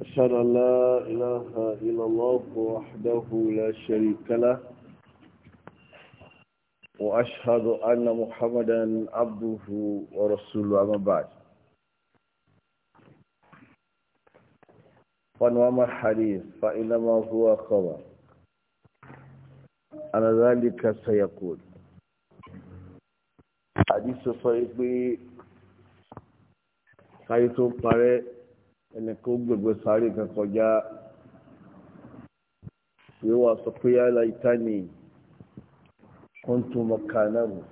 أشهد أن لا إله إلا الله وحده لا شريك له وأشهد أن محمدا عبده ورسوله أما بعد فنوما الحديث فإنما هو خبر أنا ذلك سيقول حديث صحيح káyé tó parẹ́ ẹnìkan ó gbẹ̀gbẹ̀ sáré kan kọjá yóò wá sọ pé yálà ìta ni kọ́ńtò náà mọ̀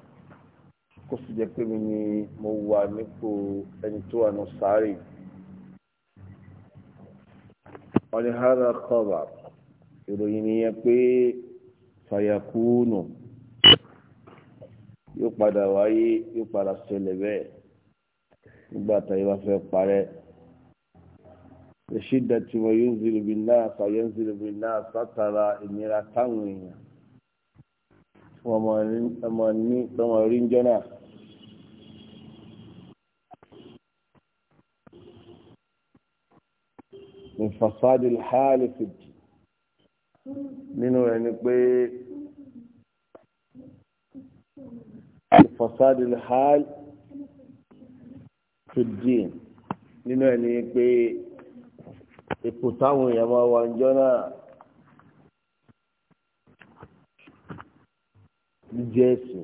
kó sì jẹ́ pé mi ni mo wà nípò ẹni tó wà ní sáré wọ́n ní hàrá kọ́bà ìròyìn nìyẹn pé fàyàkúùnù yóò padà wáyé yóò padà ṣẹlẹ̀ bẹ́ẹ̀ nígbà tá a yẹ bá fẹ́ parẹ́ ṣídà tí wọ́n yóò ń zèrè bí náà fàyẹ́ ń zèrè bí náà sátara ìnira táwọn èèyàn wọ́n mọ̀ ní tọmọ rí ń jọ́nà. ìfàsádì hàlì fìdí nínú rẹ̀ ni pé ìfàsádì hàlì fìdí nínú rẹ̀ ni pé ipò táwọn èèyàn máa wà ń jọ náà jíjẹ ẹ̀sìn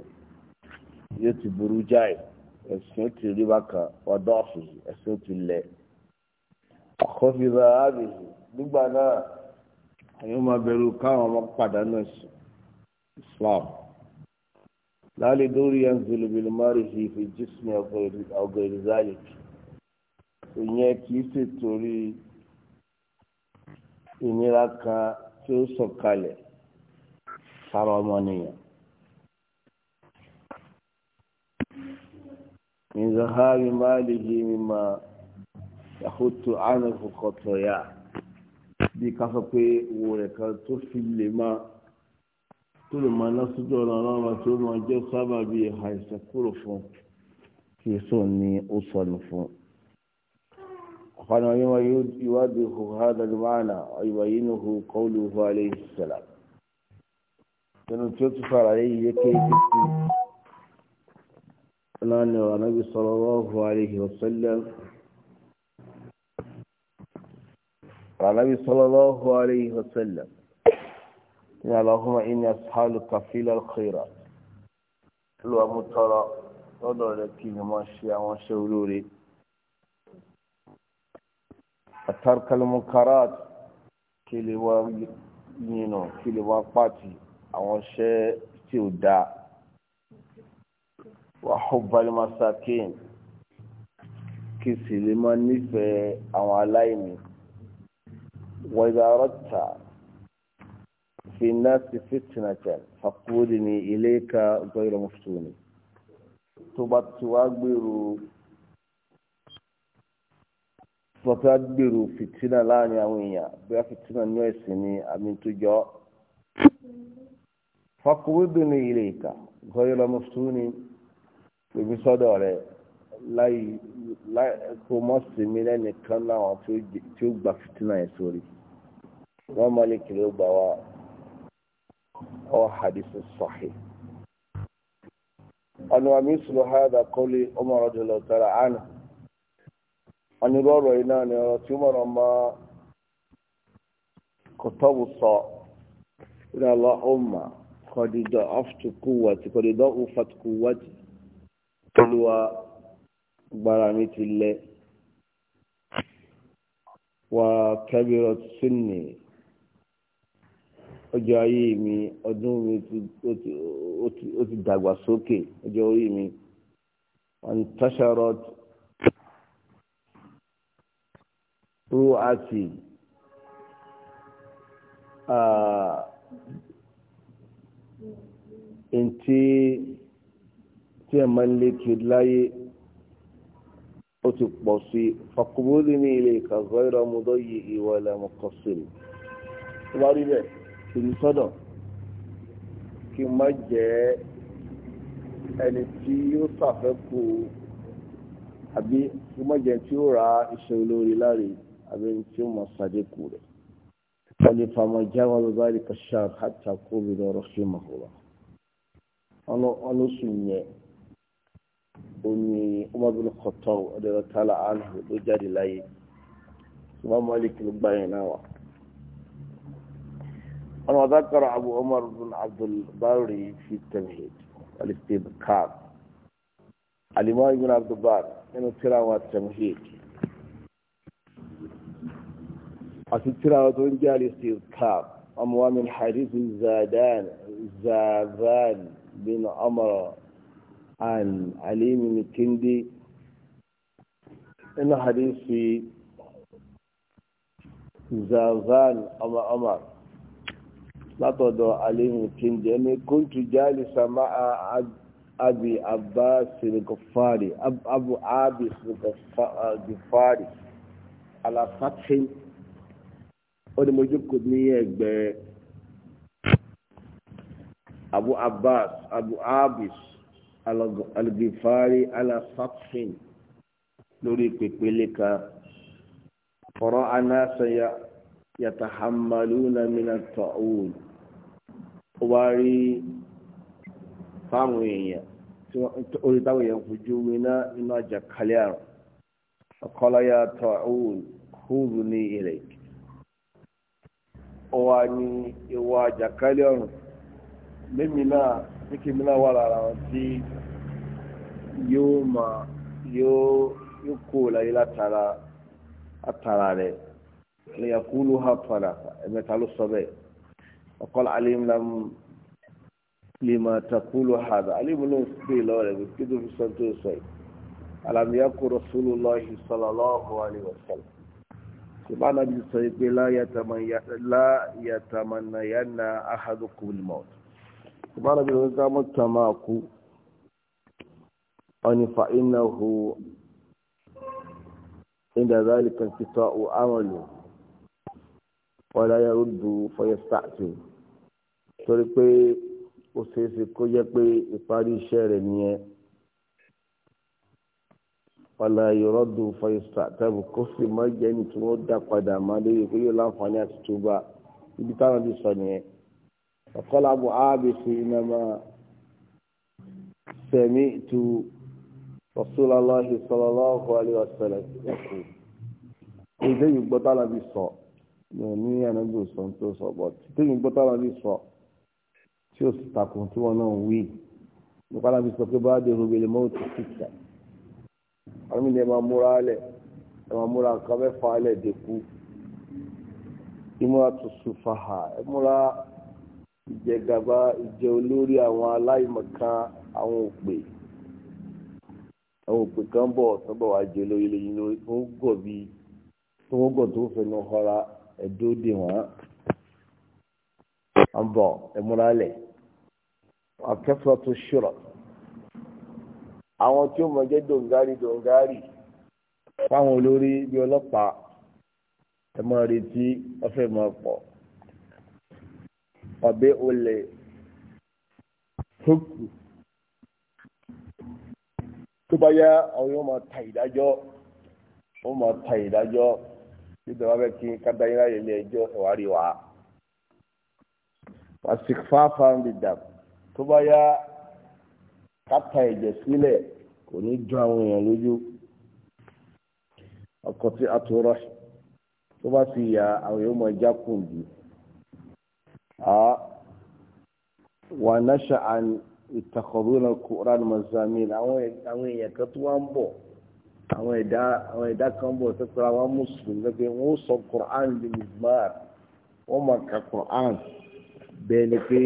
yóò ti burú jáì ẹ̀sìn ó ti rí bákan ọ̀dọ́ ọ̀fìsì ẹ̀sìn ó ti lẹ̀ àkọ́fìlà àbèsì nígbà náà àyàn máa bẹ̀rù káwọn ọmọ pàdánù ẹ̀sìn Islam láàlẹ́ dórí ẹ̀ ń zèlè bèlè má rí fi fi jísìmì ọgọ́ ìrìzálì kì í ṣètò rí i ìnira kan tí ó sọ̀kalẹ̀ sára ọmọnìyàn. من ذهاب ماله مما يخط عنه خطاياه bí ká sọ pé wo rẹ̀ kan tó fi lè máa tó lè máa ná sójú ọ̀nà ọlọ́run tó máa jẹ́ sábà bíi àìsàn kúrò fún kí èso ni ó sọnù fún un. قال ومما يوضح هذا المعنى ويبينه قوله عليه السلام كانوا تتفر عليه يكي تكي الآن النبي صلى الله عليه وسلم النبي صلى الله عليه وسلم إن اللهم إني أسحال كفيل الخيرات لو أمترى ودعو لك ما شاء ما شاء وترك المنكرات kí lè wá yìnyínà kí lè wá pàtì àwọn iṣẹ́ tí ò dáa wa hubbal masakin kí sì lè máa nífẹ̀ẹ́ àwọn aláìní wa idha aradta fi an-nasi fitnatan faqudni ilayka ghayra muftuni tó bá wọ́n fẹ́ gbèrò fìtínà láàrin àwọn èèyàn bóyá fìtínà ní ẹ̀sìn ni àmì tó jọ. fọkùnrin ilé ìka gọ́yọ́ lọ́mọ fún ni pèmí sọ́dọ̀ rẹ̀ láì kó mọ́ sinmi lẹ́nìkan láwọn tí ó gba fìtínà yẹn sórí. wọ́n mọ lè kiri gbà wá ọ́ hadisi sahih. ọ̀nà àmì sùlù hàdà kọ́lé ọmọ ọ̀rọ̀ dùn lọ́tara àná. anirú ọ̀rọ̀ yìí náà ni ọ̀rọ̀ tí ó mọ̀rọ̀ ọmọ kòtọ́bù sọ ìrìn àlọ́ ọmọ kọ̀dìdọ̀ aftukú wàtí kọ̀dìdọ̀ ufatukú wàtí olúwa gbára mi ti lẹ wà kẹ́bìrọ̀ sunni ọjọ́ ayé mi ọdún mi ó ti dàgbà sókè ọjọ́ orí mi wọn tọ́ṣọ̀rọ̀ ru'ati ntí tí ẹ máa ń lé kiri láyé ó ti pọ̀ sí fakubúlì ní ilé ìkàgọ́ ìrọ̀mọdọ́ yìí ìwà ìlànà kọ̀sìlì tó bá rí bẹ́ẹ̀ kì í sọ́dọ̀ kí n má jẹ́ ẹni tí yóò ṣàfẹ́kù àbí kí n má jẹ́ tí ó ra iṣẹ́ olórí láre abẹ́ni tí ó mọ sàdékù rẹ̀ wọ́n fama jáwá bàbá rẹ̀ kàṣà hàtà kó mi lọ́rọ̀ sí màhùrà ọlọ́sùn yẹn ó ní Umar bin Khattab ọ̀dẹ̀rẹ̀ tààlà anhu ló jáde láyé ṣùgbọ́n Malik ló gbá yẹn náà wà. أنا ذكر أبو عمر بن عبد الباري في التمهيد والاستذكار الإمام بن عبد البار من التلاوة التمهيد àti tíráwà tó ń jẹ́ al-Istidkar ọmọ wa min hadith zadan zadan bin Umar an alimin kindi ina hadisi zadan ọmọ Umar látọ̀dọ̀ alimin kindi ẹni kuntu jalisa ma'a abi abbas al-Ghaffari abu abis al-Ghaffari ala fathin ó ní mo jókòó ní ẹgbẹ́ abu abbas abu abis alghifari alasafin lórí pèpele kan fọ̀rọ̀ anásẹ̀yà yàtàhàmàlúnà mìíràn tọ̀hún ó wá rí fáwọn èèyàn orí táwọn èèyàn fojú winá inú àjàkálẹ̀ àrùn ọ̀kọ́lá yà kúrú ní ilẹ̀ ó wá ní ìwà àjàkálẹ̀ ọ̀run mímí náà ní kí mi náà wà lára wọn tí yóò máa yóò yóò kó láyé látara àtàrà rẹ̀ lẹ́yìn kúlù ha padà ẹ̀mẹ́ta ló sọ bẹ́ẹ̀ ọkọ alim lam lima takulu hada alim ló ń lọ́rẹ̀ kí ló fi sọ tó sọ yìí alam yakun rasulullahi sallallahu alaihi wa ṣùgbọ́n nàbí sọ pé láyàtàmánà yánà ahadukul mọ́t ṣùgbọ́n nàbí sọ pé mọ́tàmá kú ọ̀nì fa'inahu inda zalika kita'u amalu wala yaruddu fayasta'tu torí pé ó ṣeéṣe kó jẹ́ pé ìparí iṣẹ́ rẹ̀ nìyẹn fàlà ìrọ́dù fàyọ̀sà tẹ́bù kó sì má jẹ́ ní tí wọ́n dá padà má lórí pé yóò láǹfààní àti túbà ibi táwọn ti sọ nìyẹn. ọ̀kọ́lá bu ábèsè ìnàmà sẹ̀mí tu rasulallah sallallahu alayhi wa sallam ẹ̀kú. ìdè yìí gbọ́ táwọn ti sọ ní òní ànágbé òsàn tó sọ bọ́ títí yìí gbọ́ táwọn ti sọ tí ó sì takùn tí wọ́n náà wí. nípa láti sọ pé bá a dé rògbèlè mọ́tò kíkà àwọn ènìyàn máa múra lẹ̀ ẹ máa múra nǹkan mẹ́fà lẹ̀ dẹ̀kú ìmúra tuntun fàhà ẹ múra ìjẹgàba ìjẹ olórí àwọn aláìmọ̀kan àwọn òpè àwọn òpè kan bọ̀ tó bọ̀ wá jẹ lórí lẹ́yìn lórí tó ń gọ̀ bí tó ń gọ̀ tó ń fẹnu họra ẹ̀dó dè wọ́n à ẹ múra lẹ̀ akẹ́fọ́ tó ṣùrọ̀ àwọn tí ó mọ̀ jẹ́ dòǹgárì dòǹgárì fáwọn olórí bíi ọlọ́pàá ẹ máa retí ọ̀fẹ́ máa pọ̀ ọ̀bẹ olè tókù tó bá yá àwọn yóò máa ta ìdájọ́ wọ́n máa ta ìdájọ́ nígbà wàá bẹ kí n ká dáyé láyé ilé ẹjọ́ ẹ̀wá rí wa. wàá sì fáfáà ń bì dà tó bá yá káta ẹ̀jẹ̀ sílẹ̀ kò ní jọ àwọn èèyàn lójú ọkọ̀ tí a tó rọ̀ tó bá ti yà àwọn èèyàn máa jákùn jù wà náṣà àni ìtàkọ̀rọ̀nà kòrán mazamin àwọn èèyàn kan tó wá ń bọ̀ àwọn ẹ̀dá kan bọ̀ tó àwọn mùsùlùmí lọ́pẹ́ wọ́n sọ kòrán bí mizmar wọ́n máa ka kòrán bẹ́ẹ̀ ni pé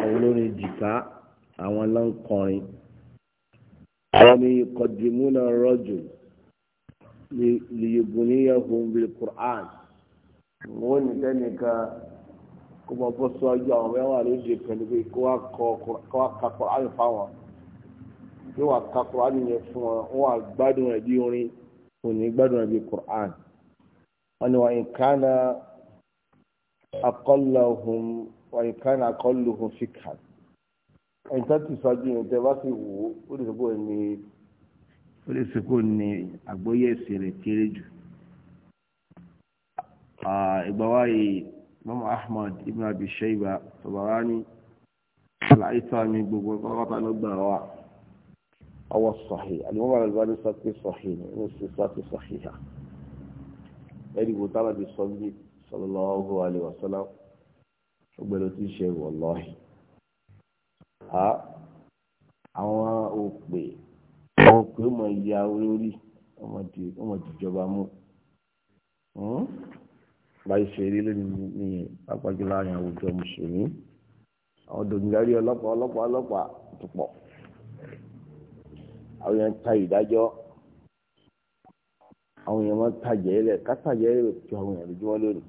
àwọn olórin jìká àwọn ló ń kọrin àwọn ni kọdìmúnà rọjò lìyìbùníyàwó bíi Qur'an wọn ní sẹnìkan kó bọ bọ sọjọ àwọn mẹwàá lóde pẹ̀lú pé kó wá kọ kó wá ka Qur'an fáwọn kí wọn ka Qur'an yẹn fún wọn wọn wà gbádùn ẹbí orin kò ní gbádùn ẹbí Qur'an wọn ni wọn ìkànnà akọlọhùn wọn ìkànnà akọlọhùn fìkàn ẹ̀ǹkan ti ṣáájú yẹn tẹ́ bá sì wò ó ó lè sọ́kò ní ó lè sọ́kò ní àgbóyè ẹ̀sìn rẹ̀ kéré jù. ìgbà wáyé mọ́mọ́ Ahmad ibn Abi Shayba Tabarani aláìsàn mi gbogbo pátápátá ló gbà wá ọwọ́ sọ̀hí àdìmọ́ bàbá ìbáni sọ pé sọ̀hí ni ó sì sọ ha ẹni kò tábà ti sọ bí sallallahu alaihi wasallam ó gbẹ́lẹ́ tí ń ṣe wọ̀lọ́hìn àwọn òpè àwọn òpè ọmọ ìyá olórí ọmọ ìjọba mú hmm? báyìí ṣe eré lónìí ní pápájú láàrin àwùjọ mùsùlùmí àwọn dòmìnirí ọlọ́pàá ọlọ́pàá ọlọ́pàá tó pọ̀ àwọn èèyàn ta ìdájọ́ àwọn èèyàn máa ń tajà ẹlẹ ká tajà tó àwọn èèyàn lójúmọ́ lónìí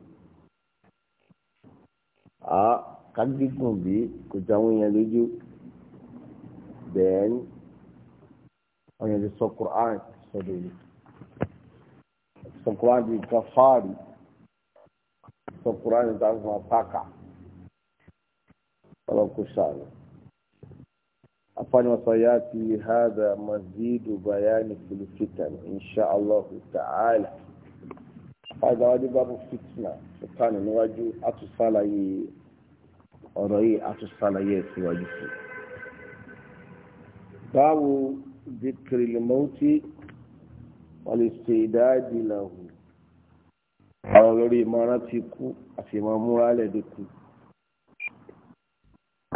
ká gígùn bí kò jọ àwọn èèyàn lójú bẹ́ẹ̀ni àwọn èèyàn ti sọ Quran sọ́dọ̀ yìí sọ Quran di nǹkan fáàrí sọ Quran di nǹkan fún apáka ọlọ́kùn sàánù afáàní ọ̀sán yá ti hádà mazidu bayani filifitan insha Allah ta'ala fàdáwádìí bá bú fitna fitna níwájú àtúnṣàlàyé ọ̀rọ̀ yìí a tún ṣàlàyé síwájú sí i. báwo zikiri limauti wọ́n lè ṣe ìdáàdì làwù ọ̀rọ̀ lórí ìmọ̀ràn ti kú àti ìmọ̀múra lẹ́dí kú.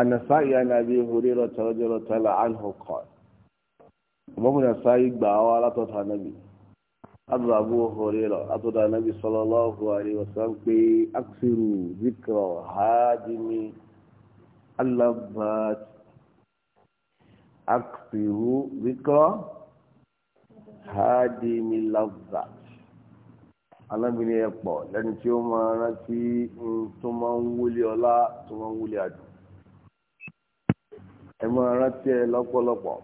النسائي عن أبي هريرة رضي الله تعالى عنه قال إمام النسائي دعوة لا تطهى النبي أدرى أبو هريرة أدرى النبي صلى الله عليه وسلم أكثروا ذكر هادم اللذات أكثر ذكر هادم اللذات alábìnrin ẹ pọ̀ lẹ́ni tí ó máa rántí tó máa ń wúlé ọlá tó máa ń wúlé àdùn ẹ máa rántí ẹ lọ́pọ̀lọpọ̀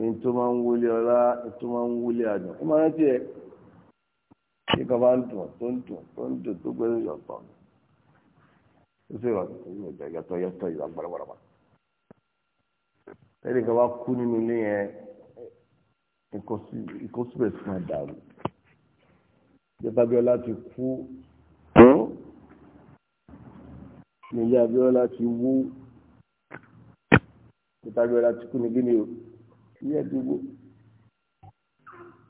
ní tó máa ń wúlé ọlá tó máa ń wúlé àdùn ẹ máa rántí ẹ kíkọ bá ń dùn tó ń dùn tó ń dùn tó gbẹ́rù yọ̀tọ̀ sosai ba yàtọ̀ yàtọ̀ yìí agbárabaraba ẹni kan wá kú nínú ilé yẹn ìkọsíbẹ̀ sí máa dàrú ìjọba Abíọ́lá ti kú nílé Abíọ́lá ti wó ìjọba Abíọ́lá ti kú ní gíní o ilé ẹ̀ ti wó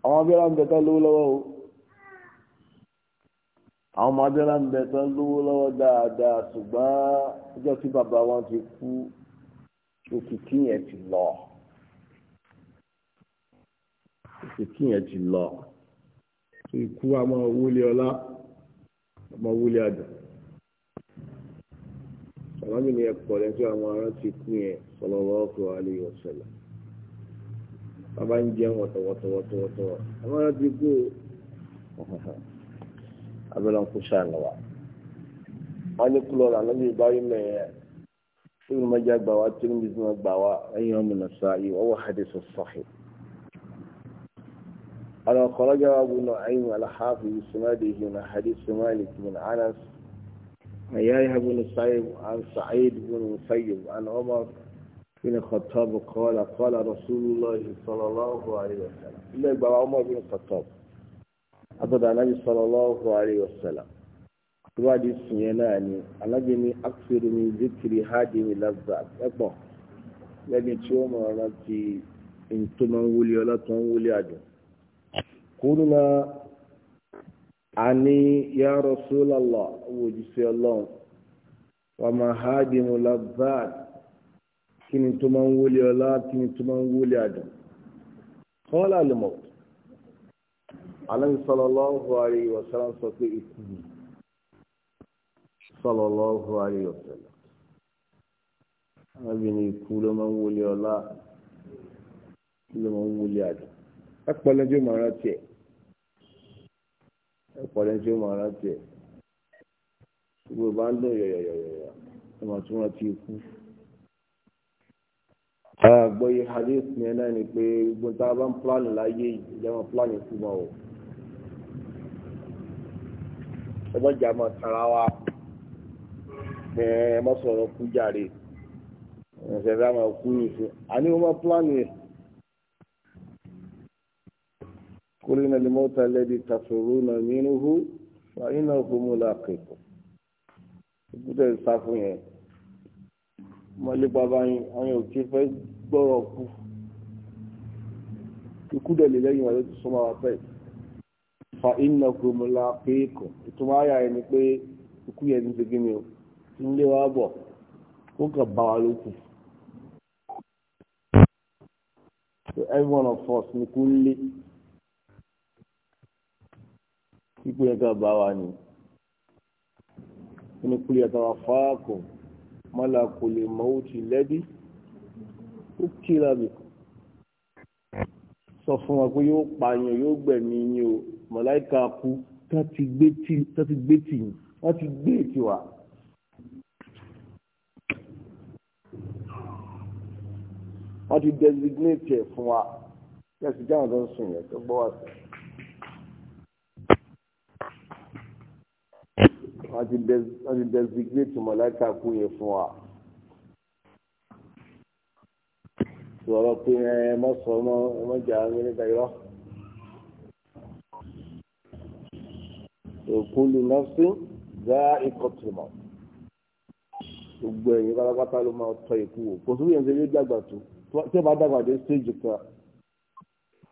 àwọn Abíọ́lá ń bẹ̀tọ́ lówó lọ́wọ́ o àwọn ọmọdé náà ń bẹ tó ń lówó lọ́wọ́ dáadáa ṣùgbọ́n ọjọ́ tí bàbá wọn ti kú òkìkí yẹn ti lọ òkìkí yẹn ti lọ ikú a máa wúlé ọlá a máa wúlé àdùn sàlámì ni ẹ̀pọ̀ lẹ́jọ́ àwọn ará ti kú yẹn sallallahu alaihi wasallam bàbá ń jẹun wọ̀tọ̀wọ̀tọ̀wọ̀tọ̀wọ̀tọ̀ àwọn ará ti kú o. abẹ́lẹ́ kó ṣàánú wa. wọ́n ní kúlọ̀ là níbi ìbáyé mẹ́ẹ̀ ibùdó mẹ́jà gbà wá tí níbi ìsúná gbà wá ẹ̀yìn ọmọ nàṣà yìí wọ́n wà hàdí sọ sọ́ọ̀hì. على خرج أبو نعيم الحافظ بسناده من حديث مالك من أنس يحيى بن سعيد عن سعيد بن مسيب عن عمر بن الخطاب قال قال رسول الله صلى الله عليه وسلم إلا عمر بن الخطاب àtọ̀dọ̀ anábì sallallahu alaihi wasallam síwájú sùn yẹn náà ni alábì ní akṣẹ́rù mi zikiri hadi mi lazza ẹ̀pọ̀ lẹ́ni tí ó mọ̀ ọ́nà ti tó máa ń wúlé ọlọ́tún ń wúlé àjọ. kúrúnà a ní ya Rasulallah òjíṣẹ́ ọlọ́run wà máa hadi mi lazza kí ni tó máa ń wúlé ọlá kí ni tó máa ń wúlé àjọ. kọ́lá lè mọ̀tò. Ànábì sallallahu alayhi wa sallam sọ pé ikú ni sallallahu alayhi wa sallam Ànábì ni ikú ló máa ń wọlé ọlá ló máa ń wọlé àdùn ẹpọlẹjọ máa rántí ẹ ẹpọlẹjọ máa rántí ẹ gbogbo bá ń dùn yọyọyọyọ ọmọ tí wọn ti kú àgbọyé hadith yẹn náà ni pé gbogbo tá a bá ń pílánì láyé ìjẹun pílánì kú máa wọ ẹgbọ́jà mọ̀ tara wa ẹ mọ́ sọ̀rọ̀ kú jàre ẹ̀sẹ̀ rà máa kú ìṣe àní wọ́n máa pílánì ẹ̀ kúrin náà lè mọ́ta lẹ́bi tàfẹ̀rù náà mìíràn hù wà nínú ọkọ̀ mú la kẹ̀kọ́ ìbúdẹ̀ ìsáfù yẹn mọ́lẹ́ bàbá yín àwọn òkè fẹ́ gbọ́rọ̀ kú ikú dẹ̀ lè lẹ́yìn wà ló ti wa pẹ́ẹ́ fa iná gbòmùlà péèkù ìtumọ̀ ayà ẹni pé ikú yẹn ti ṣe kí o ti ń lé wa bọ̀ ó kàn bá wa lókù. So every one of us ni kú ń lé ikú yẹn kàn bá wa ni ni kú yẹn kàn fáàkù mọ́là kò lè mọ́ ó ti lẹ́bí ó kí lábìkú sọ fún wọn pé yóò pààyàn yóò gbẹ̀mí yín o mọ̀láìka kú tó ti gbé tì yín wọ́n ti gbé ètì wá. wọ́n ti designate ẹ̀ fún wa kẹ́sì jáwọn tó ń sùn yẹn tó gbọ́ wá sí. wọ́n ti designate mọ̀láìka kú yẹn fún wa. sọ̀rọ̀ pé ẹ mọ́ sọ mọ́ jà mí níta irọ́. òkúlù nọ́ọ̀sì dá ikọ̀ tìmọ̀ gbogbo ẹ̀yìn pátápátá ló máa tọ ìkú wò kò sí ìyẹn ṣe dàgbà tó tí ó bá dàgbà dé stéèjì kan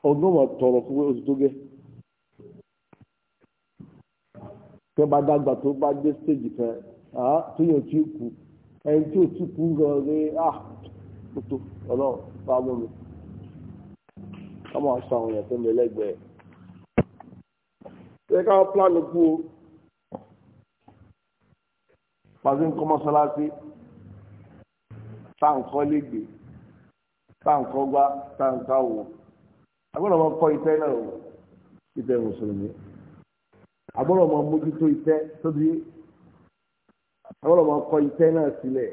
ọdún mọ̀ tọrọ fún pé oṣù tó gé tí ó bá dàgbà tó bá dé stéèjì kan tó yàn tí kú ẹni tí ò tí kú gan-an ní tó ọlọ́run bá mú mi ọmọ aṣọ àwọn èèyàn tó mi lẹ́gbẹ̀ẹ́ ṣé ká pílánì kú o pàṣẹ nǹkan mọ́ṣáláṣí táǹkọ́ légbè táǹkọ́ gbá táǹkà wò agbọ́dọ̀ máa kọ́ ìtẹ́ náà wò ìtẹ́ mùsùlùmí agbọ́dọ̀ máa mójútó ìtẹ́ tóbi agbọ́dọ̀ máa kọ́ ìtẹ́ náà sílẹ̀.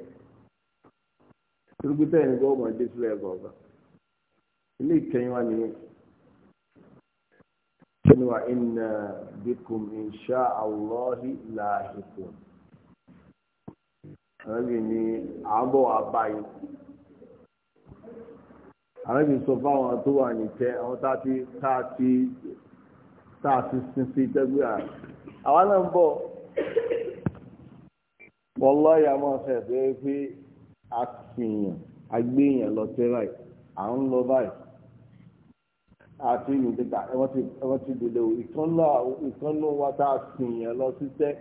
torípé tẹ́yìn gbọ́ ọmọ dé sílẹ̀ kọ̀ọ̀kan ilé ìkẹyìn wa nìyẹn ṣẹ́ni wa inna bikum insha Allahi lahiqun àrẹ́bì ni àbọ̀ àbáyé àrẹ́bì sọ fáwọn tó wà nìkẹ́ àwọn táti táti táti sínsí tẹ́gbé àrẹ́ àwọn náà ń bọ̀ wallahi máa a sì yàn a gbé yàn lọ sí báyìí à ń lọ báyìí àti ìdíkà ẹwọ́n ti dìde o ìkànnà wa tá a sì yàn lọ síṣẹ́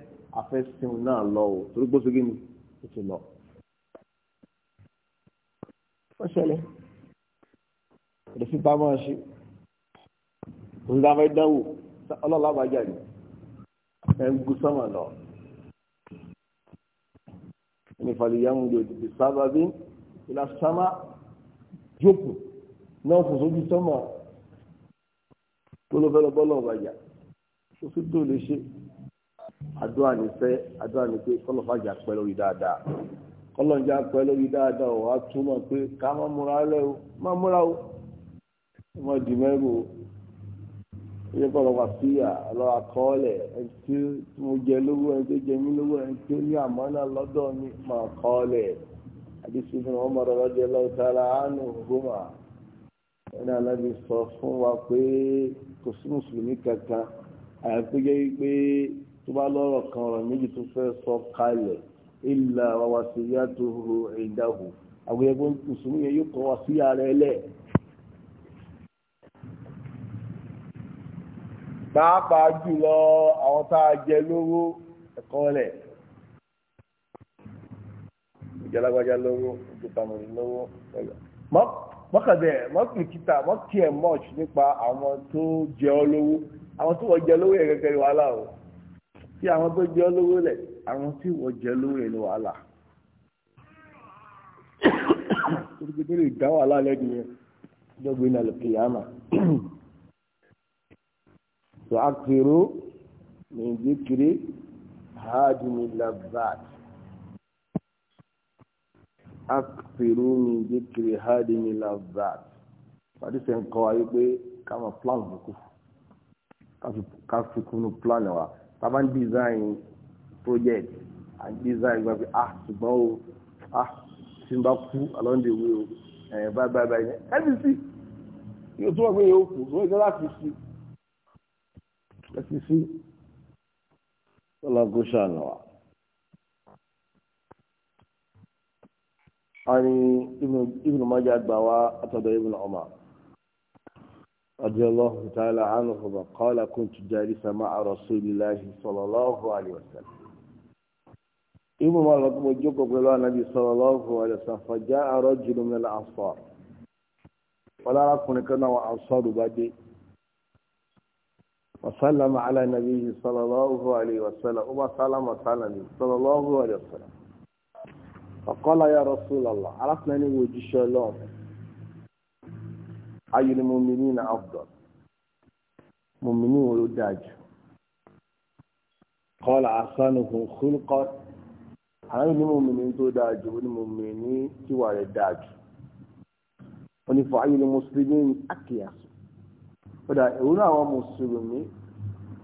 afẹ́sìn náà lọ o torí gbóṣe kí ni ó ti lọ. wọ́n ṣẹlẹ̀ èdè fipá máa ṣe òun dáfẹ́ dánwò ọlọ́ọ̀lá bá jáde ẹ̀ ń gún sọ́mọ̀ lọ ní fàlìyàmù lòdì sí sábàbí ìlà sámá jókòó náà fò sójú sọmọ tó ló fẹ́ lọ bọ́lọ̀ ọ̀bàjà tó fi tó lè ṣe àdúrà nífẹ̀ àdúrà ní pé kọ́lọ̀ fàjà pẹ́ lórí dáadáa kọ́lọ̀ ń já pẹ́ lórí dáadáa ọ̀ o má múra o má dì mẹ́rù o ilé kọ́ lọ́wọ́ síyà lọ́wọ́ àkọọ́lẹ̀ ẹni tí mo jẹ lówó ẹni tó jẹ mí lówó ẹni tó ní àmọ́nà lọ́dọ̀ mi máa kọ́ọ́lẹ̀ àdìsí fún wọn mọ̀rọ̀ lọ́jọ́ lọ́wọ́ sára àánú gómà ẹni alábi sọ fún wa pé kò sí mùsùlùmí kankan àyàfi jẹ́ pé tó bá lọ́rọ̀ kan ọ̀rọ̀ méjì tó fẹ́ sọ kalẹ̀ ìlà wàwàsíyà tó ro ìdáhù àgbẹ̀yẹ̀kọ́ mùsùlùmí yẹn yóò kọ́ wá síyà rẹ̀ lẹ́ẹ̀ pàápàá jùlọ àwọn tá a jẹ lówó ẹ̀kọ́ lẹ̀ ìjọlágbájá lówó ìjọpamọ̀lì lówó mọ́kàndẹ̀ mọ́kìkítà mọ́kì ẹ̀ mọ́ọ̀ṣ nípa àwọn tó jẹ ọ́ lówó àwọn tí wọ́n jẹ lówó yẹn gẹ́gẹ́ wàhálà o tí àwọn tó jẹ ọ́ lówó lẹ̀ àwọn tí wọ́n jẹ lówó yẹn ni wàhálà torí pé tó lè dá wàhálà lẹ́nu yẹn lọ́gbìn náà lè kéèyàn náà fàákìrò nìjíkiri hajjimi labat akpèrò nìjíkiri hajjimi labat pàdísẹ̀ ń kọ́ ayé pé ká máa plan bùkù ká fi kúnnú plan wa tá a bá ń design project and design gba pé ah ṣùgbọ́n o ah tí n bá kú along the way o ẹ̀ eh, báyìí báyìí báyìí ẹ̀ ẹ́ bí sí yóò túbọ̀ pé yóò kú lóòótọ́ láti sí i ẹ̀sì sí ọlọ́gùn ṣàánú wa. a ní ibùdó májà gbà wá àtọ̀dọ̀ ibùdó ọmọ radiyallahu ta'ala anhu ba qala kuntu jalisa ma'a rasulillahi sallallahu alaihi wasallam ibùdó máa lọ́dún mo jókòó pẹ̀lú ànábì sallallahu alaihi wasallam fa ja'a rajulun min al kùnrin kan náà wọ́n ansar bá وسلم على نبيه صلى الله عليه وسلم وسلم وسلم صلى الله عليه وسلم فقال يا رسول الله عرفنا أن وجيش الله أي المؤمنين أفضل مؤمنين ولداج قال أحسنهم خلقا أي المؤمنين تداج والمؤمنين توالداج ونفعي المسلمين أكياس kódà ìwúrọ̀ àwọn mùsùlùmí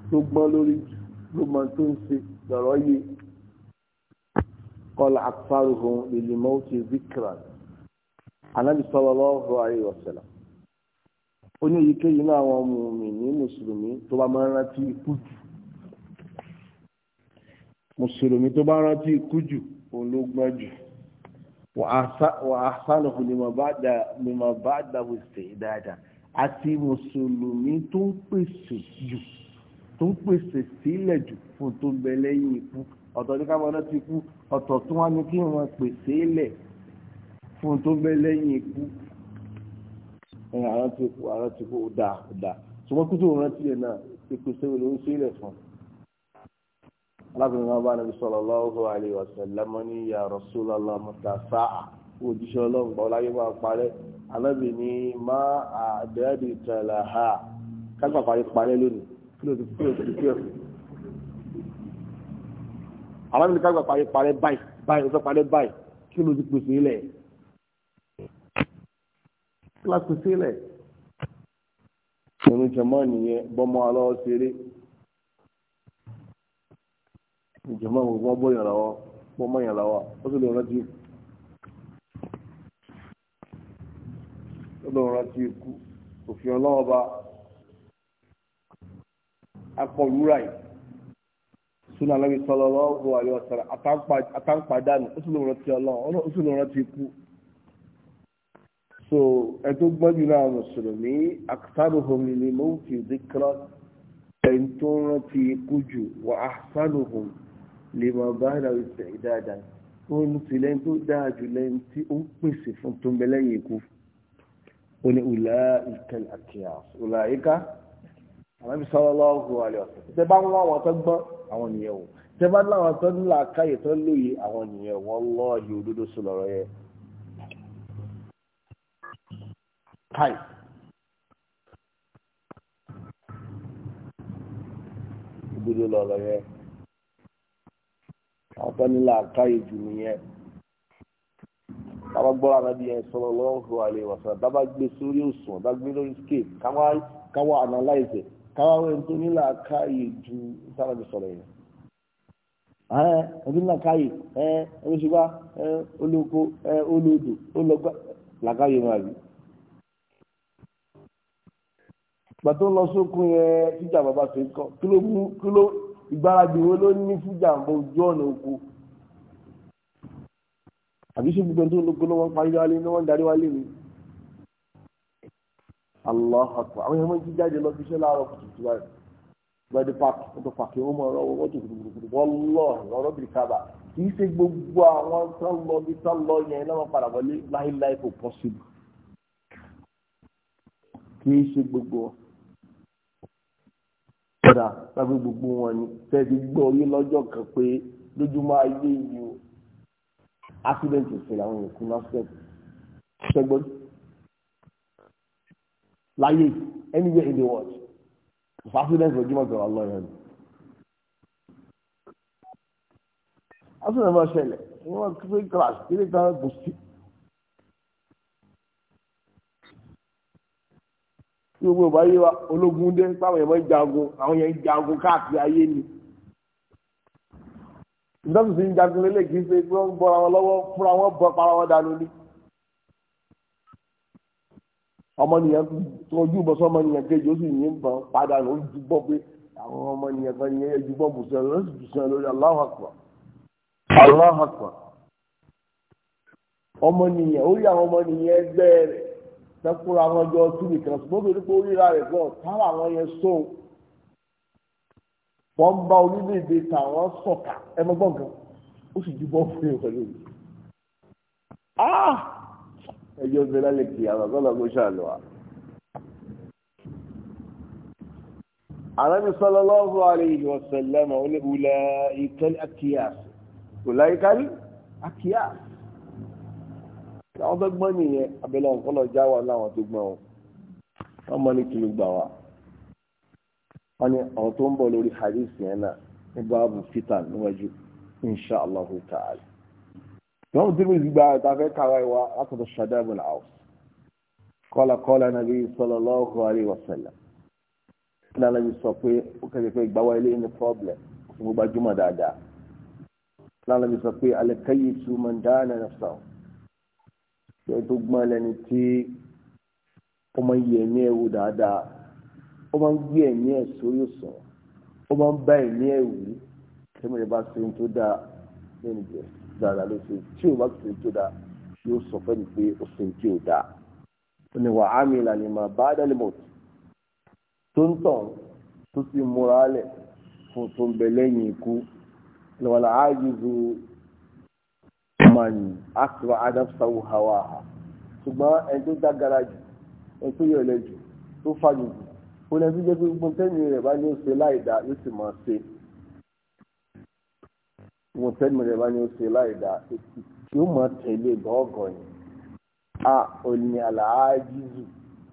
tó gbọ́n lórí ló mọ tó ń ṣe lọ́rọ̀ yìí kọ́lá akfaruhum lèlè mọ́ ti zikra anábì sallallahu alaihi wasallam ó ní èyíkéyìí náà àwọn mùmìnì mùsùlùmí tó bá máa ń rántí ikú jù mùsùlùmí tó bá rántí ikú jù òun ló gbọ́n jù wà á sánà fún mi mà bá dà wí sí dáadáa àti mùsùlùmí tó ń pèsè jù tó ń pèsè sílẹ̀ jù fún tó ń bẹ lẹ́yìn ikú ọ̀tọ̀ ní kábọ̀dọ̀ ti kú ọ̀tọ̀ tó wá ní kí wọ́n pèsè ilẹ̀ fún tó ń bẹ lẹ́yìn ikú ẹ̀yìn àwọn ti kú àwọn ti kú ọ̀dà ọ̀dà ṣùgbọ́n kí tó rántí ẹ̀ náà ìpèsè wo ló ń sílẹ̀ fún un. náà bá nàbí sallallahu alaihi wasallam ní ya Rasulullah mọ́ta sáà òjíṣẹ́ ọlọ́run gbọ́ láyé máa parẹ́ anábì ní má àdẹ́ẹ̀dì tẹ̀lẹ̀ ha kágbà parí parẹ́ lónìí kí ló ti kí ló ti kí ẹ̀sìn. anábì ní kágbà parí parẹ́ báyìí báyìí ọjọ́ parẹ́ báyìí kí ló ti pèsè ilẹ̀ kí ló ti pèsè ilẹ̀. ìrìn jẹ̀mọ́ nìyẹn bọ́mọ aláwọ̀ ṣeré ìjọba gbogbo ọgbọ́n yàn lọ́wọ́ gbọ́mọ ó sì lè rántí lọ́dọ̀ rántí ikú òfin ọlọ́ọba akọlùúrà yìí súnà lọ́wọ́ sọlọ́wọ́ ọ̀hún àyọ̀ ọ̀sẹ̀rẹ̀ àtàǹpàdánù ó sì lọ́wọ́ rántí ọlọ́ọ̀ ó sì lọ́wọ́ rántí ikú. so ẹ̀tọ́ gbọ́njú náà mùsùlùmí aktaruhum lil mawti dhikra ẹ̀yìn tó rántí ikú jù wà ahsanuhum lima ba'da isti'dadan ó ń tilẹ̀ tó dáa jù lẹ́yìn tí ó ń pèsè fún tó ń bẹ lẹ́yìn ikú fún ó ní ulaika al-akyas ulaika àmọ́bí sallallahu alaihi wasallam tẹ́ bá ń wá àwọn tó gbọ́n àwọn nìyẹn o tẹ́ bá láwọn tó ń là káyè tó lóye àwọn nìyẹn wallahi òdodo sí lọ́rọ̀ yẹn. káyì. òdodo lọ́rọ̀ yẹn àwọn tó ń là káyè jù àwọn gbọ́ra nàbí yẹn sallallahu alaihi wasallam dábà gbé sórí dábà gbé lórí analyze tó ju sọ̀rọ̀ yẹn. ẹ ẹbí nílà káyè ẹ oṣùgbà ẹ olóko ẹ olódò olọgbà làkáyè máa rí. gbàtó lọ sókun yẹn fíjà bàbá ṣe kọ kí ló mú kí ló ìgbáradì wo ló ní fíjà ọ̀nà àbí ṣe gbogbo tó lóko lọ́wọ́ parí wálé ní wọ́n darí wálé mi allah akpa àwọn èèyàn máa ń jí jáde lọ fi iṣẹ́ láàárọ̀ kùtùkùtù báyìí bẹ́ẹ̀ di pàkì wọ́n tó pàkì wọ́n mọ̀ ọ́rọ́ wọ́n tó kùtùkùtù wọ́lọ́ ọ̀rọ̀ bìrì kábà kì í ṣe gbogbo àwọn tán lọ bí tán lọ yẹn lọ́wọ́ padà wọlé láéláé kò pọ́sibú kì í ṣe gbogbo wọn ni fẹ́ẹ́ gbọ́ yé lọ́jọ́ kan pé lójúmọ́ ayé yìí accident ìṣẹ̀lẹ̀ àwọn èèyàn kún lásìkò ṣẹgbọn láyé anywhere in the world if accident were given to Allah yẹn. accident máa ṣẹlẹ̀ wọ́n ti fi crash kiri kan kò sí. tí gbogbo ìbáyé wa ológun dé táwọn èèyàn máa ń jagun àwọn èèyàn ń jagun káàkiri ayé ni ìdọ́sù sí ń jagun lélẹ̀ kì í ṣe pé wọ́n bọ́ra wọn lọ́wọ́ fúnra wọn bọ́ para wọn dànù ni. ọmọnìyàn ojú bọ́ sọ ọmọnìyàn kejì ó sì yín bọ́ padà ló ju bọ́ pé àwọn ọmọnìyàn kan yẹn ju bọ́ bùsùn ló sì bùsùn lórí Allahu Akbar ọmọnìyàn ó rí àwọn ọmọnìyàn ẹgbẹ́ rẹ̀ sẹ́kúra wọn jọ túnìkan ṣùgbọ́n kò ní kó ríra rẹ̀ gbọ́ wọ́n ń bá orílẹ̀-èdè tàwọn sọ̀kà ẹmọgbọ́n kan ó sì ju bọ́ọ̀fù yẹn pẹ̀lú mi. Ah! ẹjọ́ bẹ lálẹ́ kì í àbàkọ́lá kó ṣàlù wa. àrẹ́mi sallallahu alayhi wa sallam olébùlẹ̀ ìkẹ́lẹ́ akíyàs kò láyé kárí akíyàs. àwọn tó gbọ́n nìyẹn abẹ́lẹ́ ọ̀nkọ́lọ́ já wa láwọn tó gbọ́n wọn. wọ́n mọ ní kí ló gbà wá wọ́n ní àwọn tó ń bọ̀ lórí hadith yẹn náà ní báàbù fita níwájú insha allahu ta'ala. يوم الترمذي بقى تعرف عقد الشداب العوس قال قال النبي صلى الله عليه وسلم لا لا يسوي وكذا في بوالي ان problem وبا جمع دادا لا لا يسوي على كيس من دان نفسه يدوب مالني تي وما ينيو دادا ó máa ń gbé ẹ̀mí ẹ̀ sórí òsàn ó máa ń bá ẹ̀mí ẹ̀ wù ú tẹ́mi rẹ̀ bá ṣe ń tó dáa lẹ́nu jẹ́ dáadáa ló ṣe tí o bá ṣe ń tó dáa yóò sọ fẹ́ ni pé o ṣe ń tí o dáa ó ní wàá àmì ìlànà ìmọ̀ bá dálé mọ̀ tó ń tàn tó sì múra lẹ̀ fún tó ń bẹ lẹ́yìn ikú lọ́wọ́lá ájúzu mani àkùrọ̀ adáfáwò hawa ṣùgbọ́n ẹni tó dágara jù ẹni tó yọ̀lẹ̀ jù tó fàjù kó lẹ́nu jẹ́ pé gbogbo tẹ́mi rẹ̀ bá ní ó ṣe láìda yóò sì máa ṣe gbogbo tẹ́mi rẹ̀ bá ní ó ṣe láìda yóò máa tẹ̀lé gọ́ọ̀gọ̀ yẹn a ò ní àlàájízù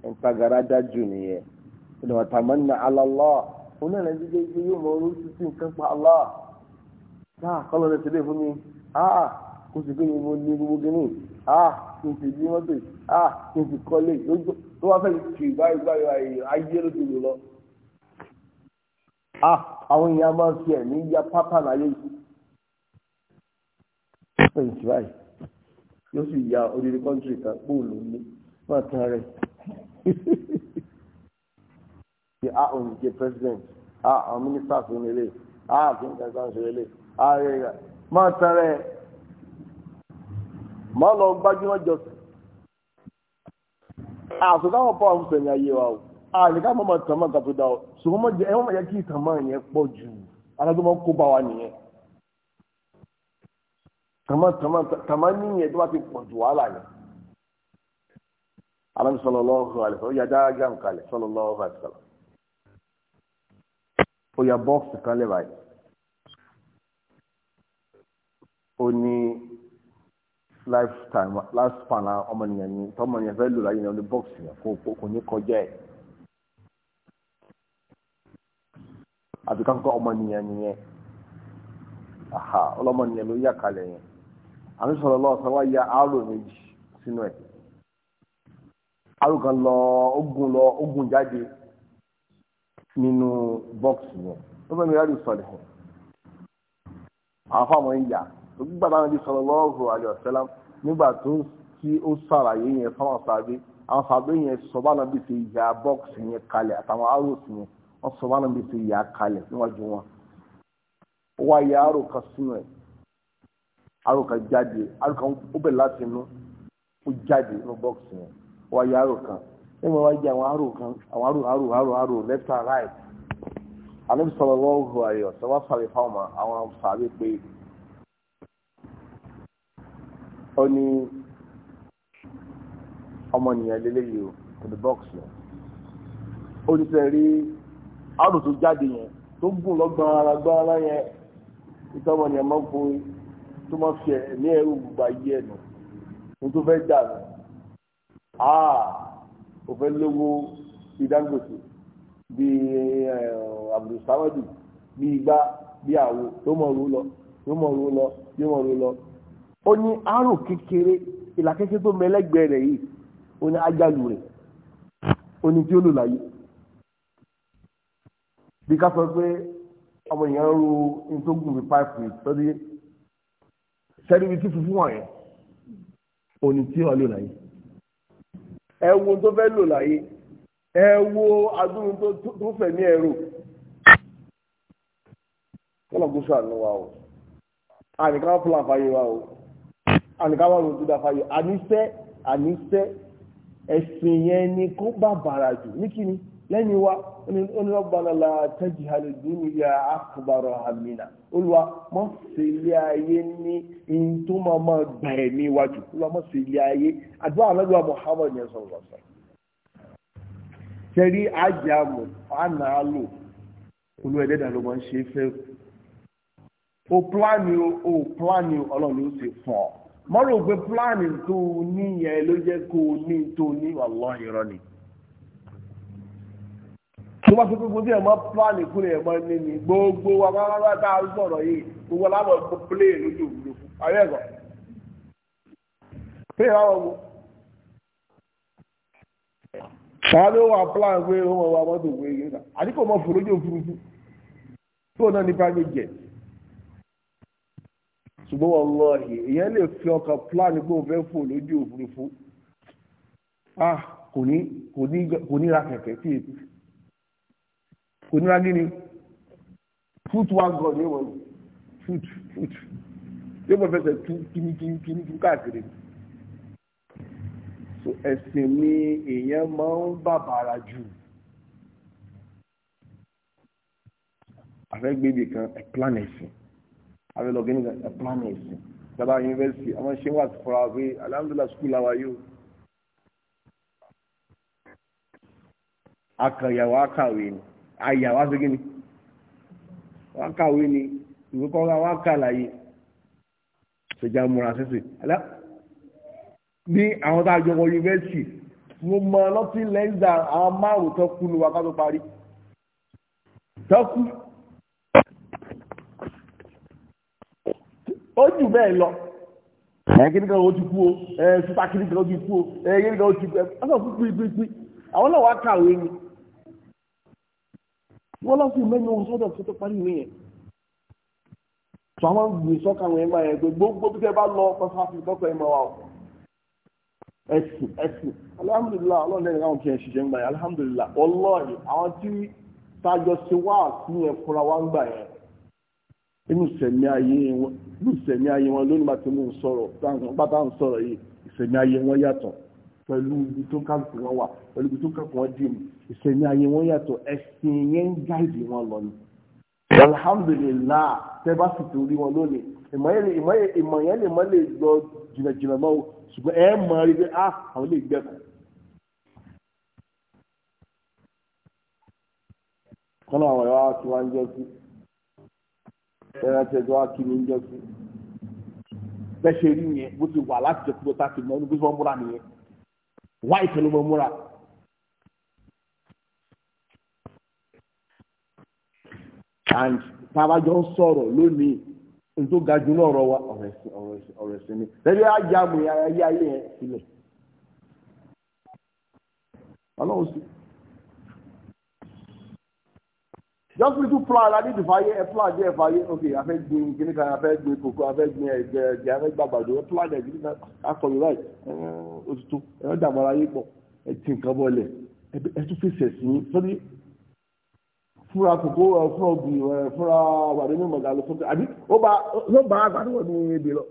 ìtagara dájú nìyẹn ìdàgbà tàmánà alálọ́ òun náà lẹ́nu jẹ́ pé yóò máa rú títí nǹkan pa Allah náà kọ́lọ́ rẹ̀ tẹ̀lé fún mi a kò sì pé mo ní gbogbo gíní a kò sì bí mọ́tò a kò sì kọ́lé lójú tó wá fẹ́ kì báyìí báyìí ayé ló ti lò lọ. a ah, àwọn èèyàn máa ń fi ẹ̀mí ya pápá láyé yìí. fẹ́ ìtì báyìí yóò sì ya odidi kọ́ńtìrì kan bóòlù ní máa tán rẹ̀. Ah, ṣe a ò ní jẹ president a ah, àwọn mínísítà fún mi lè a àfihàn kan sáà ṣe lè a rẹ̀ máa tán rẹ̀ máa lọ gbájúmọ́ jọ sí a sọ káwọn bọ́ àwọn fẹ̀yìn ayé wa o a ní ká mọ̀ tàn mọ́ nǹkan tó dá o ṣùgbọ́n mọ̀ jẹ́ ẹ̀wọ̀n mọ̀ yẹ kí ìtàn mọ́ yẹn pọ̀ jù alájọ́ mọ́ kó bá wa nìyẹn tàmá níyẹn tó bá ti pọ̀ jù wàhálà yẹn alámi sallallahu alaihi wasallam ó yà dáadáa lifetime last span ọmọnìyàn ni tọmọnìyàn fẹ́ lò láyé ní ọdún box yẹn kò ní kọjá ẹ̀. àti ọmọnìyàn aha ọlọmọnìyàn ló yà kalẹ̀ yẹn àmì sọ̀rọ̀ lọ́wọ́ ya aró méjì sínú ẹ̀ aró kan lọ ogun lọ ogun nígbà tó tí ó sàlàyé yẹn fáwọn sàbẹ àwọn sàbẹ yẹn sọba náà bí fi ya bọ́ọ̀sì yẹn kalẹ̀ àtàwọn arrows yẹn wọ́n sọba náà bí fi ya kalẹ̀ níwájú wọn. ó wá ya arrow kan sínú ẹ̀ arrow kan jáde arrow kan ó bẹ̀rẹ̀ láti inú ó jáde nínú bọ́ọ̀sì yẹn ó wá ya arrow kan ẹ̀mí wá jẹ́ àwọn arrow kan àwọn arrow arrow arrow arrow left and right. àníbi sọ̀rọ̀ lọ́wọ́ ọ̀hún ayọ̀ sọ ó ní ọmọnìyàn lélẹ́yìí o kò ní bọ́ọ̀sì lọ ó ní sẹ́ rí àrùn tó jáde yẹn tó gùn lọ́gbọ̀n ara gbọ́n ara yẹn ìtọ́mọnìyàn máa ń fún tó máa fi ẹ̀mí ẹ̀rù gbogbo ayé ẹ̀nu ní tó fẹ́ dà nù áà kò fẹ́ lówó ìdágbòsè bíi Abdulsamadu bíi igbá bíi àwo tó mọ̀ ọ́ lọ tó mọ̀ ọ́ lọ tó mọ̀ ọ́ lọ ó ní àrùn kékeré ìlà kékeré tó mẹlẹ́gbẹ̀ẹ́ rẹ̀ yìí ó ní ájálù rẹ̀ ó ní tí ó lò láyé bí ká sọ pé ọmọ èèyàn ń ro ohun tó gùn bí páìpù ìtọ́jú sẹ́ni ibi tí funfun wà yẹn ó ní tí ó lò láyé ẹ wo tó fẹ́ lò láyé ẹ wo adúrún tó fẹ̀mí ẹ̀rọ kọ́lọ̀ gúúsù àná wa o àníkàn fúlàfà yé wa o. àníkáwọ́ ló ti dàfà yìí anise àníṣẹ́ ẹ̀sìn yẹn ni kó bá bàrà jù ní kíni lẹ́yìn wa onílọ́gbàlá la ya akọbàrọ̀ hamina ma gbà ẹ̀mí wájú olùwà mọ́ sí ilé ayé àdúrà alágbà Muhammad yẹn sọ̀rọ̀ sọ̀rọ̀ tẹ́rí ededa o plan o pláàni mọ́rò pé pílánì tó ní yẹn ló jẹ́ kó o ní tó ní wàlọ́ ìrọ́ ni. tó bá fi gbogbo bí ẹ̀ mọ́ kúrò ẹ̀ ní ni gbogbo wa bá wá tá a sọ̀rọ̀ yìí gbogbo aláwọ̀ tó pílé lójú òwúrò fún ayé ẹ̀kọ́. pé ìlànà wo. sáà ló wà pílánì pé ó mọ̀ wá mọ́tò wé yìí náà àdínkù mọ́ fòrójú òfurufú tó náà ní private jet ṣùgbọ́n wọn lọ ìyẹn lè fi ọkàn plan pé o fẹ́ fò lójú òfurufú ah kò ní kò ní kò ní ra kẹ̀kẹ́ sí ètò kò ní ra gíní foot one gun ní wọn foot foot yóò bọ̀ fẹsẹ̀ tú kíní kíní kíní kíní káàkiri so ẹ̀sìn ni èèyàn máa ń bàbàrà jù àfẹ́gbébì kan ẹ̀ plan ẹ̀sìn abẹ́lọ́ gẹ́gẹ́ nígbà plan ẹ̀sìn gbàdá yunifásitì àwọn ṣe wà fúnra pé alhamdulilah school àwa yóò akànyàwó akàwé ni àyàwó aṣègé ni wọ́n kàwé ni ìwé kọ́ra wọ́n kàlàyé ṣèjà múra sẹ́sẹ̀ ní àwọn tá a jọ wọ yunifásitì mo mọ nothing less than àwọn márùn tó kú ní wa ká parí tó kú. ó jù bẹ́ẹ̀ lọ ẹ̀kíní kan ó ti kú o ẹ̀ súpà kíní kan ó ti kú o ẹ̀kíní kan ó ti kú ẹ̀ ọ̀sán fún pípípí àwọn náà wá kàwé ni wọ́n lọ sí mẹ́nu ohun sọ́dọ̀ tó tó parí ìwé yẹn tó àwọn gbé sọ́kà wọn ẹgbà yẹn pé gbogbo bí tẹ́ bá lọ pẹ́fà fi kọ́kọ́ ẹ̀ mọ́ wa o ẹ̀sìn ẹ̀sìn alhamdulillah ọlọ́run lẹ́yìn àwọn tí ẹ̀ ṣiṣẹ́ ń gbà yẹn alhamdulillah wallahi àwọn tí tájọ ṣe wá sí yẹn fúnra wá ń gbà yẹn inú sẹ̀mí ayé wọn lónìí bá ti mú un sọ̀rọ̀ bátà ń sọ̀rọ̀ yìí ìsẹ̀mí ayé wọn yàtọ̀ pẹ̀lú ibi tó kálukú wọn wà pẹ̀lú ibi tó kálukú wọn dì mú ìsẹ̀mí ayé wọn yàtọ̀ ẹ̀sìn yẹn ń gáìdì wọn lọ ni. alhamdulilah tẹ́ bá sì torí wọn lónìí ìmọ̀ yẹn lè mọ́ lè gbọ́ jìnnàjìnnà mọ́ ṣùgbọ́n ẹ̀ mọ̀ rí pé ah àwọn lè gbẹ̀kọ̀. kọ́nà àwọn ẹ̀rọ tẹ̀sán wa kí ni ń jọ sí bẹ́ẹ̀ ṣe rí yẹn bó ti wà láti jẹ́ kúrò táàkì mọ́ nígbà tí wọ́n múra nìyẹn wáyé tẹ̀lé wọn múra. and tábàjọ ń sọ̀rọ̀ lónìí n tó ga jù náà ọ̀rọ̀ wa ọ̀rọ̀ ẹ̀sìn ni lẹ́yìn ajá mi ayé ayé yẹn sílẹ̀. just little plan adi di fàyè ẹ plan jẹ fàyè ok afẹ gbin kini kan afẹ doing. koko afẹ gbin ẹgbẹ ẹgbẹ afẹ gbàgbàdo ẹ plan ẹ eh, kini kan akọlu láì eh, ẹ òtútù ẹ dàgbàrá yé pọ ẹ ti nǹkan bọ lẹ ẹ tún fèsì ẹsìn sọdí fúnra kòkó ẹ eh, fúnra ọgbìn ẹ fúnra àgbàdo ní mọ̀gá lọ sọ́kè àbí ó bá ló bá àgbàdo wọ̀ ní ebè lọ.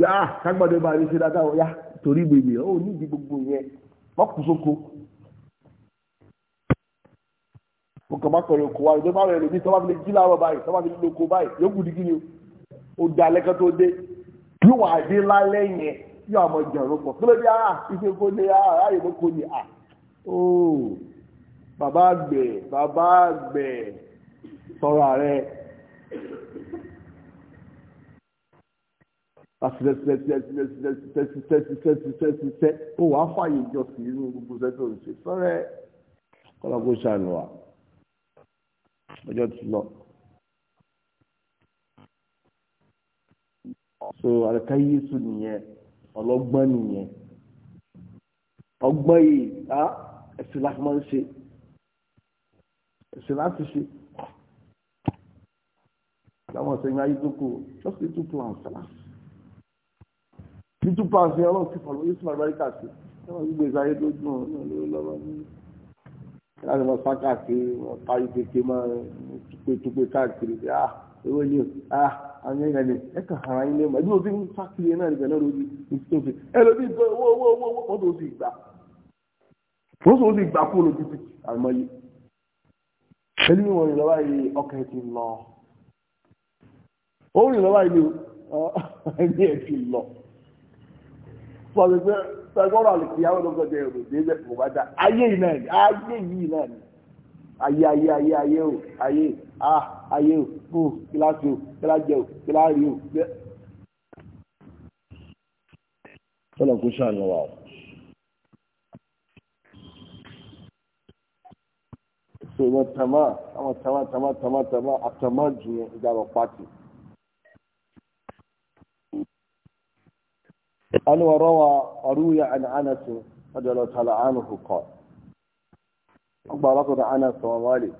yá ah, kágbàdo bá a lè ṣe dáadáa wọ̀ yá torí bèbè ó ní ìdí gbogbo yẹn mọ́kùsókò mo kàn má kọrin oko wa ìdó má rẹ̀ lómi tọ́ba fi lè jí láàárọ̀ báyìí tọ́ba fi lè báyìí yókù di kíni o da tó dé yóò wà dé lálẹ́ yóò àmọ́ jẹun pọ̀ kí ló dé ah ife kó dé ah ayé mo kó ni ah ooo bàbá àgbẹ̀ bàbá àgbẹ̀ sọ̀rọ̀ ààrẹ àtìlẹsìlẹsìlẹsìlẹsìlẹsìlẹsìlẹsìlẹsìlẹsìlẹ ó wàá fààyè ìjọsìn inú gbogbo sẹ́tò ìṣe sọ́rẹ́ kọ́lá ọjọ́ ti lọ. so àlùkáyéṣu nìyẹn ọlọ́gbọ́n nìyẹn ọgbọ́n yìí á ẹ̀sìn láti máa ń ṣe ẹ̀sìn láti ṣe láwọn ọ̀sẹ̀yìn ayé tó just little plans little plans yẹn ọlọ́run ti fọ̀rọ̀ yóò sì máa bá rí kà sí ẹ̀wọ̀n gbígbé ìsáyé tó dùn lọ́wọ́ ní láti mọ sá káàkiri ọ̀tá ìkeke máa túpétúpé káàkiri bí ah ewé ni ah àwọn ni ẹ kàn ara yín lẹ́mọ̀ ẹbí òfin sá kiri náà níbẹ̀ náà lórí ìtòfin ẹ lórí ìgbà owó owó owó owó wọ́n tó sì gbà wọ́n tó sì gbà kúrò lójú títí àmọ́yé ẹni wọn rìn lọ́wọ́ yìí ti lọ ó rìn lọ́wọ́ yìí ti lọ sọ pé sọgbọ́rọ̀ àlùkí àwọn ọlọ́gọ́dẹ èrò débẹ̀ kò bá dá ayé yìí náà ni ayé yìí náà ni ayé ayé ayé ayé o ayé ah ayé o kú kíláàsì o kíláàjẹ o kíláàrí o. sọlọ kó ṣàánú wa o. sọ̀rọ̀ tàmá àwọn tàmá tàmá tàmá tàmá àtàmá jù ìjàrọ̀ pàtì. قال وروى روي عن أنس رضي الله تعالى عنه قال أخبرت عن أنس ومالك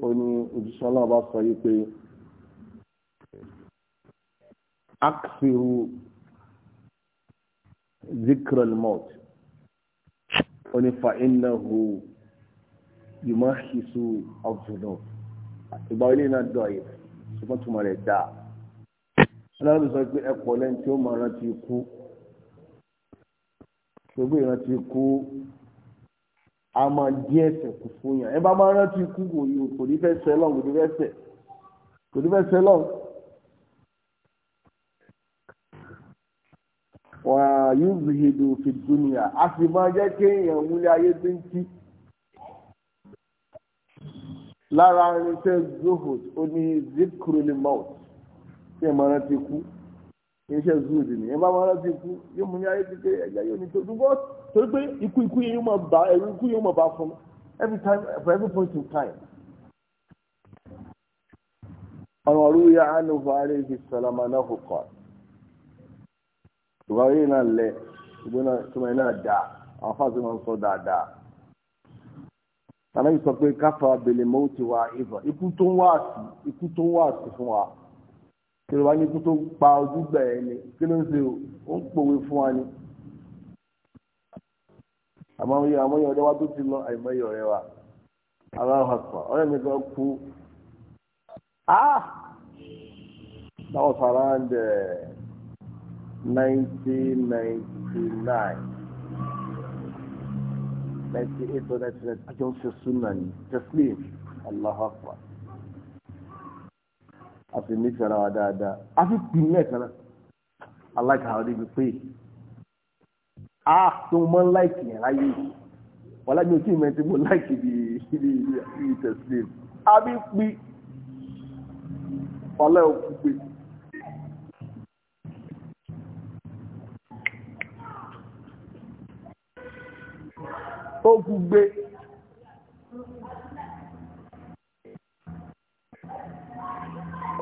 وني إن شاء الله بصيبي أكثر ذكر الموت وني فإنه يمحص الذنوب ìbáwílé náà dọ̀ ṣùgbọ́n tó mọ̀ rẹ̀ dáa. aláàbò sọ pé ẹ̀kọ́ lẹ́yìn tí ó máa rántí ikú ṣùgbọ́n ìrántí ikú a máa dí ẹ̀ṣẹ̀ kù fún yàn ẹ bá máa rántí ikú kò yìí kò ní fẹ́ sẹ́ lọ́n kò ní fẹ́ sẹ́ kò ní fẹ́ sẹ́ lọ́n. wọ́n á yóò zìhìdù fi dúnìyà a sì máa jẹ́ kéèyàn múlẹ̀ ayé tó ń kí. lára irinṣẹ́ zohot ó ní zikru ni mouth ṣé ìmọ̀ràn ti kú iṣẹ́ zuud ni ẹ bá wọn rántí ikú yóò mú ní ayé ti pé ẹ̀yà yóò ní tóbi bọ́ torí pé ikú ikú yẹn yóò máa bá ẹ̀rù ikú yóò máa bá fún every time for every point in time. àwọn ọ̀rú ya ánú fàárẹ̀ ìfi sọ̀lọ́mà náà kò kọ́ ìwà yìí náà lẹ̀ ìgbóná tuma yìí náà dà àwọn fáṣí máa ń sọ dáadáa. àná sọ pé káfà abèlè mọ́tì wa ìfọ̀ ikú tó ń wá sí ikú tó ń wá sí fún wa kí ló wá ní kó tó pa ojú gbà ẹ ni kí ló ń ṣe ó ń pòwe fún wa ni. àmọ́ yẹ àmọ́ yẹ ọ̀rẹ́ wa tó ti lọ àìmọ́ yẹ ọ̀rẹ́ wa aláhàpà ọ̀rẹ́ mi kan kú. Ah! that was around uh, 1999 98 or 99 àjọ ń ṣe súnà ní teslim aláhàpà a sì nífẹ̀ẹ́ ara wa dáadáa a fi pìlẹ̀ kan náà aláìka àwọn ibi pé a tó mọ́ láìkì yẹn láyé wọ́n láti ojú ìmọ̀ mo láìkì bí ibi ìtẹ̀sílẹ̀ a fi pi ọ̀lẹ́ òkú pé. ó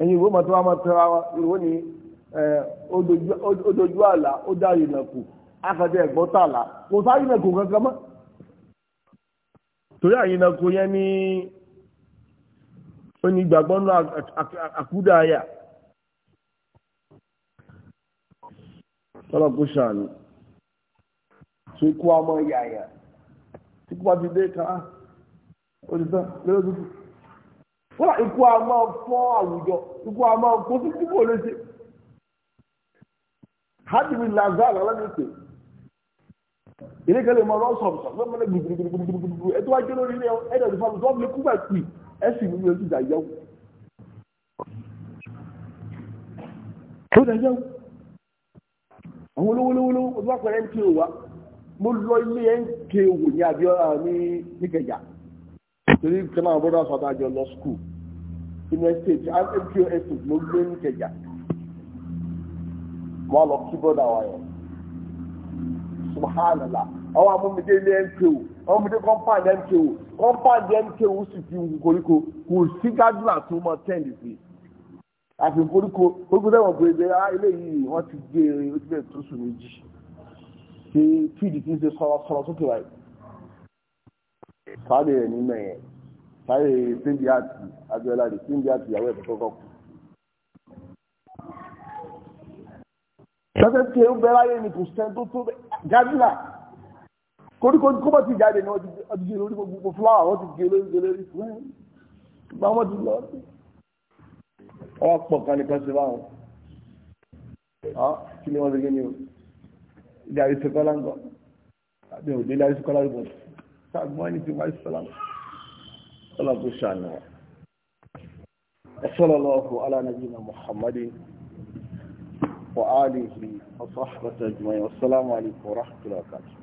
ẹ̀yin ìwé mọ̀tò wa máa tẹ́ra wa ìwé ni odojú àlà ó dá ìnàkù akadé ẹ̀gbọ́n tààlà kò sáré ìnàkù kankan mọ́ torí àyìn ìnàkù yẹn ní onígbàgbọ́n náà àkúdà ayà tọ́lọ̀ kó ṣàánú tó kú ọmọ yàyà tí kú bá ti dé ká ó ti tán lórí òtútù fún ikú a máa fọ́ àwùjọ ikú a máa kó sí kíkó léṣe hadimi lazaro alágbèsè ìrẹ́kẹ̀lẹ́ mọ ọ̀rọ̀ sọ̀rọ̀ sọ̀rọ̀ mẹ́rin gbùgbùgbùgbùgbùgbùgbù ẹ̀tọ́ wájú lórí ilé ẹ̀dọ̀ ìfọ̀ àbùsọ̀ ọ̀bùnú kúgbà pì ẹ̀sìn nínú ojú ìjà yẹ̀wò. ó dà yẹ̀wò àwọn olówólówólówó ojú àpẹẹrẹ ń ké wa mo lọ ilé ẹ̀ ń ké wò ní àbí ní Ìkẹjà torí kẹ́lá àwọn brothers wa dájọ́ lọ school inú estate mko estate ló gbé ní kẹjà wọn lọ kí brother wa yẹn subhanallah àwọn amúmídé ilé mko ọmọdé compound mko compound mko sì ti wù koríko kò sí gádùn àtúmọ̀ tẹ́ǹdì sí i àfi koríko koríko tẹ́wọ̀n pé ẹgbẹ́ eléyìí ah, wọ́n ti gbé e ó ti bẹ̀rẹ̀ tó sùn méjì ṣe pdp ṣe sọ̀rọ̀ sọ̀rọ̀ sókè wáyé sáàbì rẹ̀ ní mẹ́yẹn sáàbì síndí àti abiola rẹ̀ síndí àti ìyàwó ẹ̀fọ́ kọ́kọ́ kù. lọ́sẹ̀ tí ó bẹ̀rẹ̀ ayé ni kò sẹ́ni tó tó gádùlà koríko kó bá ti jáde ni wọ́n ti gé lórí gbogbo fúláwà wọ́n ti gé lórí gé lórí fúláwà bá wọ́n ti lọ sí. wọ́n pọ̀ kan nìkan sí báwọn kí ni wọ́n ti gé ni o ìdí àrísẹ́kọ́lá ń gbọ́ àbí òde ìdí àrísẹ́kọ́lá ń gbọ́ ṣàgbọ́n ẹni tí wáyé sọ́lá ọlọ́gbọ́n ṣàánú wa sallallahu ala nabiyyina muhammadin wa alihi wa sahbihi ajma'in wa assalamu alaykum wa rahmatullahi wa